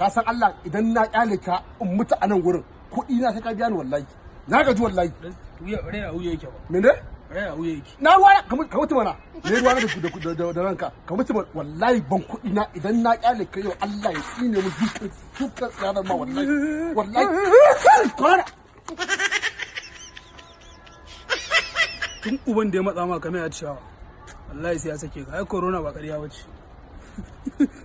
ka san Allah idan na kyale ka in mutu a nan wurin kuɗi na sai ka biya ni wallahi na gaji wallahi a uye yake ba me ne a uye yake na wara ka mutu mana ne ruwa da da ranka ka mutu mana wallahi ban kuɗi na idan na kyale ka yau Allah ya tsine mu dukkan dukkan tsiyanar ma wallahi wallahi kora tun uban da ya matsa ma kamar ya ciyawa wallahi sai ya sake ka ai corona ba ƙarya bace